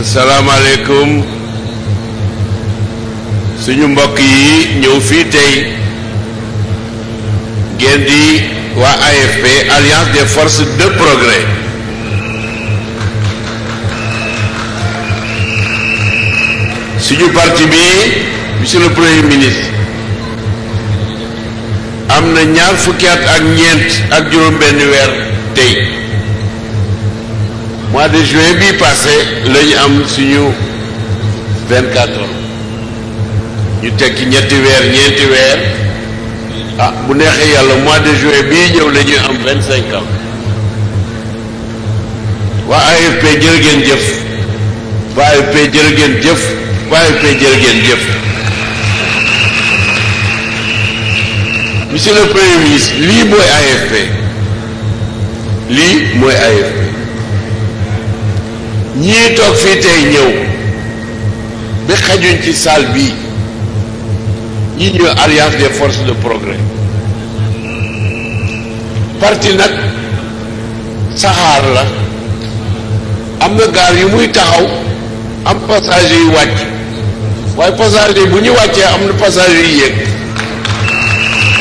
asalaamaaleykum suñu mbokk yi ñëw fii tey ngeen di waa AFP alliance des forces de progrès suñu parti bi monsieur le premier ministre am na ñaar fukki at ak ñeent ak juróom benn weer tey mois de juin bii passé la am suñu 24 heures ñu tekki ñetti weer ñeenti weer ah bu neexee yàlla mois de juin bii ñëw la ñuy am 25 ans waa AFP jërë ngeen jëf waa AFP jërë ngeen jëf waa AFP jërë ngeen jëf monsieur le premier ministre lii mooy AFP lii mooy AFP. ñii toog fii tey ñëw bi xajuñ ci salle bii ñi ñëw alliance des forces de progrès parti nag saxaar la am na gaar yu muy taxaw am passager yu wàcc waaye passager bu ñu wàccee am na passager yu yéeg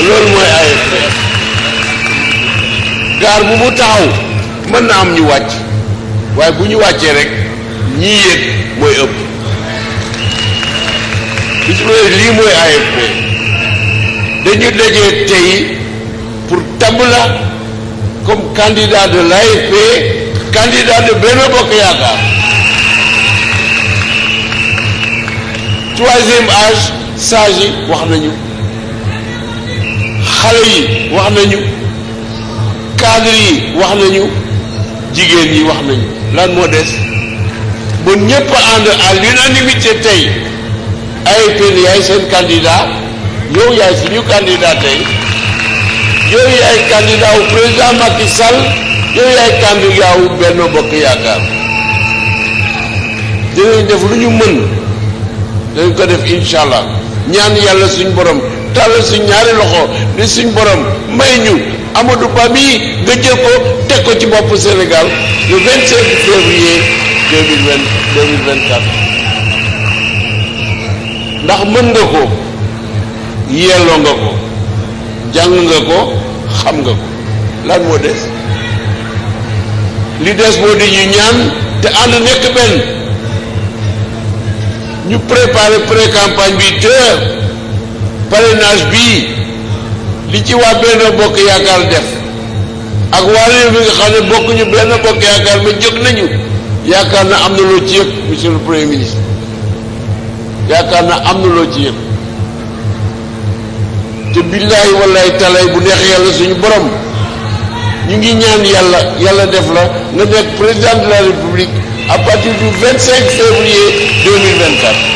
loolu mooy AFP gaar bu mu taxaw mën na am ñu wàcc waaye bu ñu wàccee rek ñii yéeg mooy ëpp bis lii mooy AFP dañu dajee tey pour tabb la comme candidat de l'AFP candidat de Benno Bokk Yaakaar troisième âge sage yi wax nañu xale yi wax nañu cadre yi wax nañu jigéen yi wax nañu lan moo des bu ñëpp ànd à l'unanimité tey AFP ni yaay seen candidat yow yaay suñu candidat tey yow yaay candidat wu président Macky yow yaay candidat wu Benno Bokk Yaakaar dinañ def lu ñu mën dañ ko def incha allah ñaan yàlla suñ borom tàll suñ ñaari loxo di suñ borom may ñu Amadou Ba nga jël ko teg ko ci boppu Sénégal le 25 février ndax mën nga ko yelloo nga ko jàng nga ko xam nga ko lan moo des li des moo di ñu ñaan te ànd nekk benn ñu préparer pré-campagne bi te parrainage bi li ci waa Benno Bokk Yaakaar def ak waa réew mi nga xam ne bokkuñu Benno Bokk Yaakaar ma jóg nañu yaakaar na am na loo ci yëg monsieur le premier ministre yaakaar na am na loo ci yëg te billaay wallaay talay bu neex yàlla suñu borom ñu ngi ñaan yàlla yàlla def la nga nekk président de la république à partir du 25 février 2024